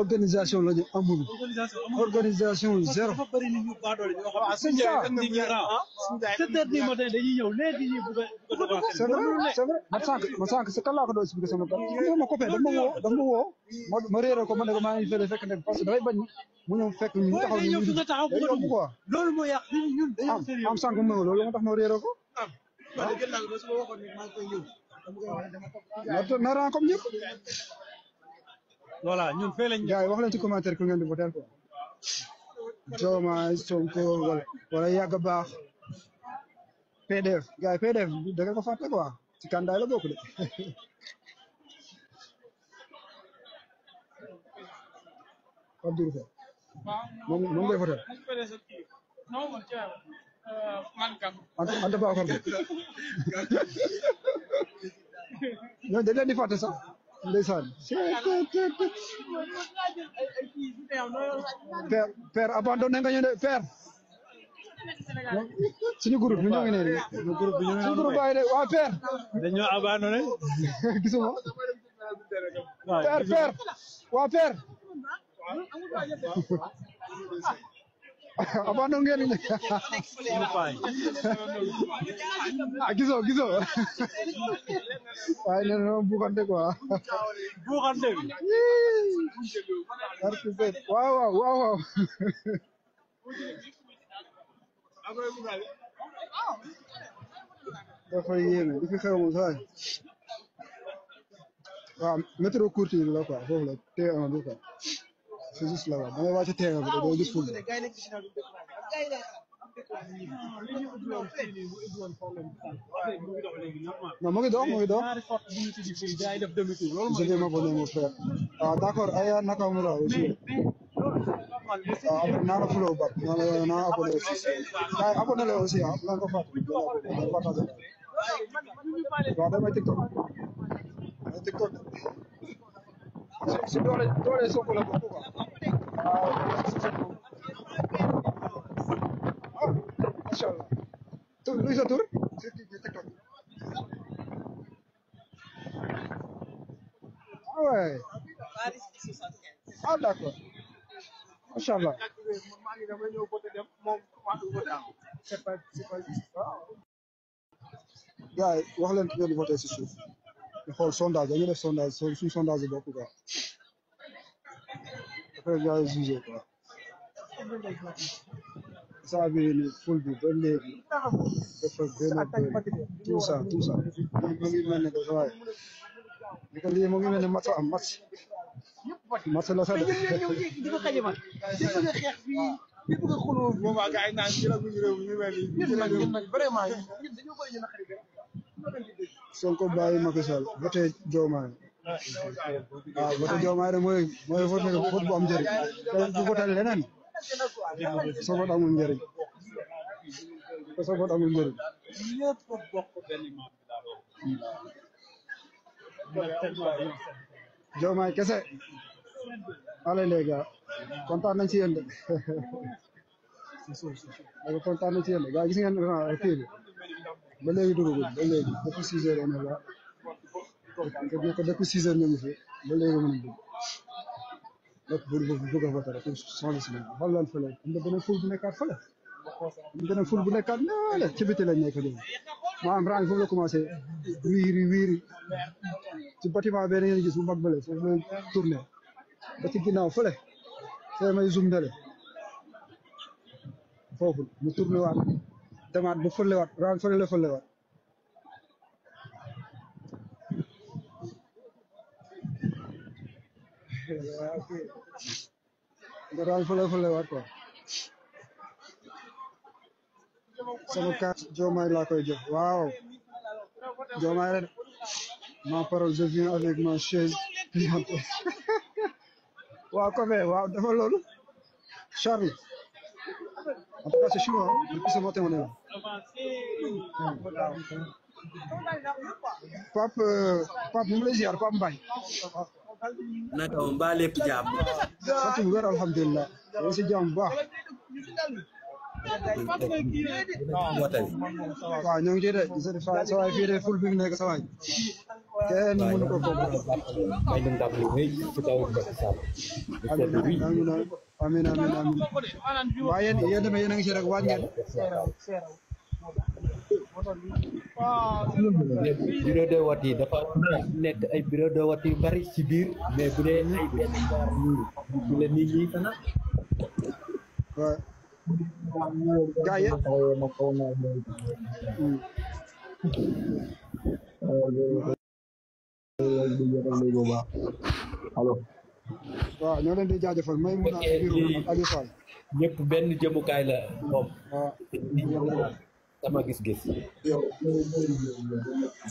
organisation la ñu amul. organisation zéro. dafa bëri nit ñu baadoole ñoo xam ne. Ah, suñu jaay ah, dañuy ñëw léegi ñu bëgg a bëgg a. c'est vrai c'est vrai man sànq man sànq si kan laa ko doon expliqué sama kàddu gi. ma coppée dama woo dama woo ma ma réeré ko ma ne ko maa ngi fële fekk ne parce que dafay bañ mu ñëw fekk ñu taxaw ñu ñu dañoo quoi. loolu moo yàq ñun dañoo sérieux. am am sànq mu ne loolu moo tax ma réeré ko. ah ma ne gën naa ko ba su ma waxoon ni maa ngi koy ñëw. na ran comme ñëpp. voilà ñun fee lañ. gars yi wax leen ci commentaire ku ngeen di voter quoi. Diomaye Sonko wala wala a baax. PDF gars yi PDF da nga ko fàtte quoi ci kandaay la de. Abdour ko moom moom ngay voter. man kam Anta Ba di fàtte sax. ndeysaan père père abandonné nga ñu de père suñu groupe bi ñoo ngi ne de suñu groupe bi ñoo ngi suñu groupe bàyyi de waa père dañoo abandonné gisuma père père waa père abandon ngeen ah gisoo gisoo waaye nee na moom buuxante quoi buuxante bi parce que waaw waaw waaw waaw dafa yéeme li la quoi foofu bi quoi c'est juste la waaw damay wàcc terrain bi doo gis football non mu ngi dox mu ngi dox je vais m'abonner mon frère ah d'accord Aya Nakamura aussi ah naa la follow back naa la naa abonné aussi ah abonné la aussi ah naa ko fàtte waaw damay TikTok damay TikTok si doole doole Sonko la bokk quoi waaw ah macha allah tur luy sa tur si kii TikTok ah ouais ah d'accord macha allah yaay wax leen ngeen voté si suuf يقول سونداز أجل سونداز سو سونداز بوكو كا كا جاي زوجة كا سابين فول بي بلي بفر بلي توسا توسا مغي من كزاي لكن لي مغي من مات مات مات لا سال li bëgg a xuloo moom ak ay naan ci la bu ñu réew ñu mel ni vraiment ñun dañoo bëri ñu naqari Sonko bàyyi Macky Sall voté Diomaye waaw ah, voté Diomaye rek mooy mooy voté vote bu am njëriñ bu voté leneen sa vote amul njëriñ sa vote amul njëriñ Diomaye kese allez nañ ci yéen de kontaan nañ ci yéen de ba léegi dugagul ba léegi depuis six heures on est là depuis six heures ñu ngi ba léegi mën a dugg donc bu bëgg a voté rek changé na ful bu nekkaat fële na ful bu nekkaat ci biti lañ nekk nii maanaam rang foofu la commencé wiiri wiiri ci bâtiment bee da ngeen gis bu mag bële foofu la tourné ba ci ginnaaw fële fee may zoom nele foofu mu tourné waat Tema dufurluyor, ranfurlu furluyor. ranfurlu furluyor ko. Sama kaç jomay la koy jox. Wow. Jomay ma parole je viens avec ma chaise pliante. waaw Kofé waaw dafa loolu Charles en tout cas c'est chinois depuis ce matin on est là Pape Pape mu ngi lay ziar Pape Mbaye. naka woon ba lépp jàmm. sant bu wér alhamdulilah. yow si jàmm bu baax. waaw ñoo de sa waay de ful bi mu nekk sa waay. kenn mënu ko comprendre. amiin amiin amiin waaye yéen yéen a ngi si rek waaj bureau de vote yi dafa nekk ay bureau de vote yu bari ci biir mais bu dee ay benn gaar nii la nit waaw sama gis-gis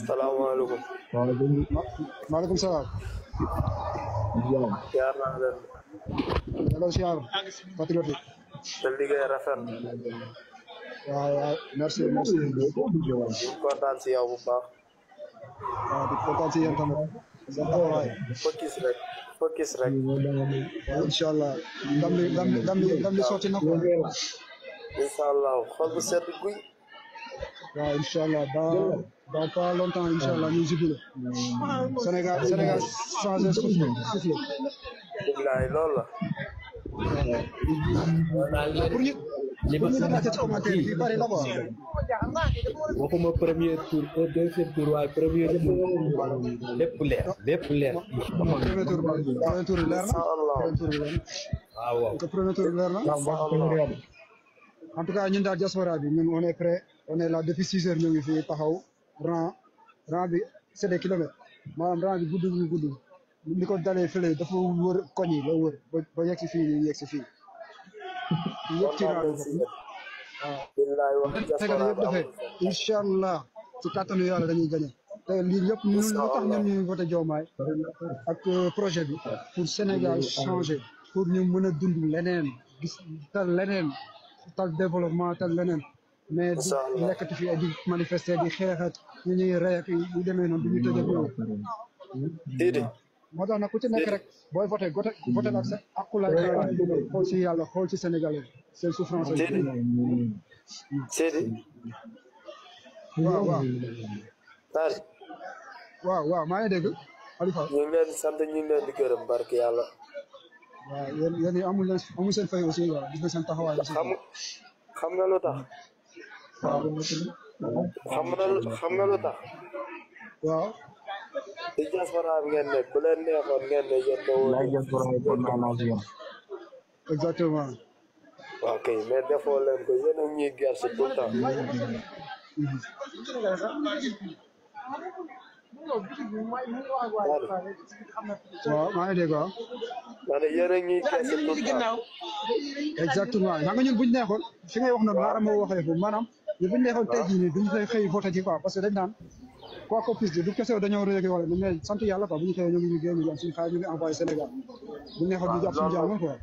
salaamaaleykum maaleykum salaam siyaar naa leen hello siyaar patriote sa ya, liggéey ya. merci merci kontaan si yow bu baax waaw ah, di kontaan si rek focus rek waaw incha waaw incha allah dans dans pas longtemps incha allah ñu jubilé Sénégal Sénégal changé souffle souffle. bilaay loolu la. pour ñu pour ñu def ci commentaire bi bari na quoi. waxuma premier tour au euh, deuxième tour waaye premier tour lépp leer lépp leer. premier tour premier tour leer na. premier tour leer na. waaw ah, waaw. premier tour leer na. en tout cas ñun daal diaspora bi ñun on est prêt. on est là depuis six heures ñu ngi fii taxaw rang bi c'est des kilomètres maanaam bi gudd ñu gudd ko dalee fële dafa wër koñ yi la wër ba ba yegg si fii yegg si fii yëpp ci rang bi waaw yëpp dafee incha dañuy gañe lii yëpp ñun lu tax ñun ñuy voté Diomaye ak euh, projet bi pour Sénégal changer pour ñu mën a dund leneen gis tal leneen tal développement ta leneen mais di nekkati fi di manifester di xeex ak ñu ñuy rey ak yu demee noonu du ñu tëj ak yooyu. déedéet. moo tax nag ku ci nekk rek booy voté gote voté ak sa akulaay xool ci yàlla xool ci sénégalais seen souffrance. déedéet déedéet. waaw waaw. Tari. waaw waaw maa ngi dégg Alifa. ñu ngi leen di sant ñu ngi leen di gërëm barke yàlla. waaw yéen yéen amul leen amul seen fay aussi waaw gis na seen taxawaay aussi. xam nga lu tax. xam nga lu xam nga lu tax. waaw. ci diaspora ngeen ne bu leen neexoon ngeen ne yéen ñoo. la diaspora exactement. waaw kay mais defoo leen ko a maa ngi dégg waaw. ma a ñuy exactement xam ñun bu ñu neexoon fi wax noonu maanaam moo waxee foofu maanaam. mais bu ñu neexoon tey jii nii duñ koy xëy voté ji quoi parce que dañ naan quoi qu'on puisse dire du kese dañoo rëy ak wala mais Sénégal bu neexoon ñu jàpp suñu jaamu quoi.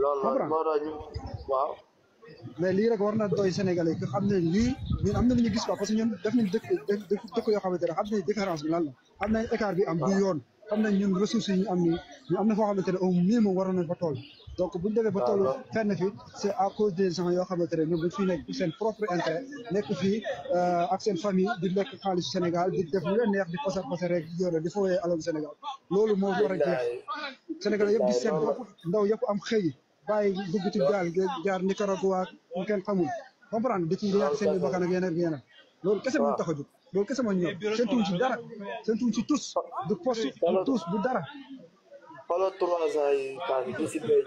loolu loolu lii rek war na doy Sénégalais que xam ne lii ñun am na lu ñu gis quoi parce que ñun def nañ dëkk dëkk yoo xam nañ différence bi lan la xam nañ écart bi am du yoon xam nañ ñun ressources yi ñu am nii ñu am na foo xamante ne au minimum waroon nañ fa tool donc bu ñu demee ba toll fenn fi c' à cause des gens yoo xamante ne ñoom dañ fi nekk pour seen propre intérêt nekk fii euh, ak seen famille di lekk xaalisu senegal di def neex di pasar pasar rek yore di fowee alalu senegal loolu moo war a jeex yëpp di seen bopp ndaw yëpp am xëy bàyyi dugg ci gaal jaar Nicaragua ñu kenn xamul comprendre di ci ñàkk seen i bakkan ak yeneen ak yeneen loolu kese moo tax a jóg loolu kese moo ñor ci dara seen ci tous du poste du dara wala trois ans yi passé di si bay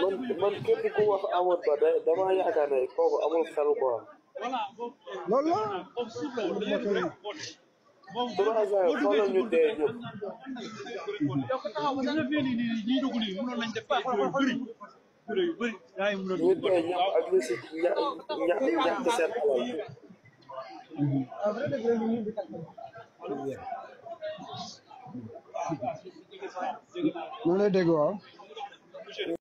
man man ku wax Amadou Ba day damaa yaakaar ne kooku amul xel quoi. loolu ñu dee ñëpp. ñu ñu si ñàkk seen alal. maa ngi lay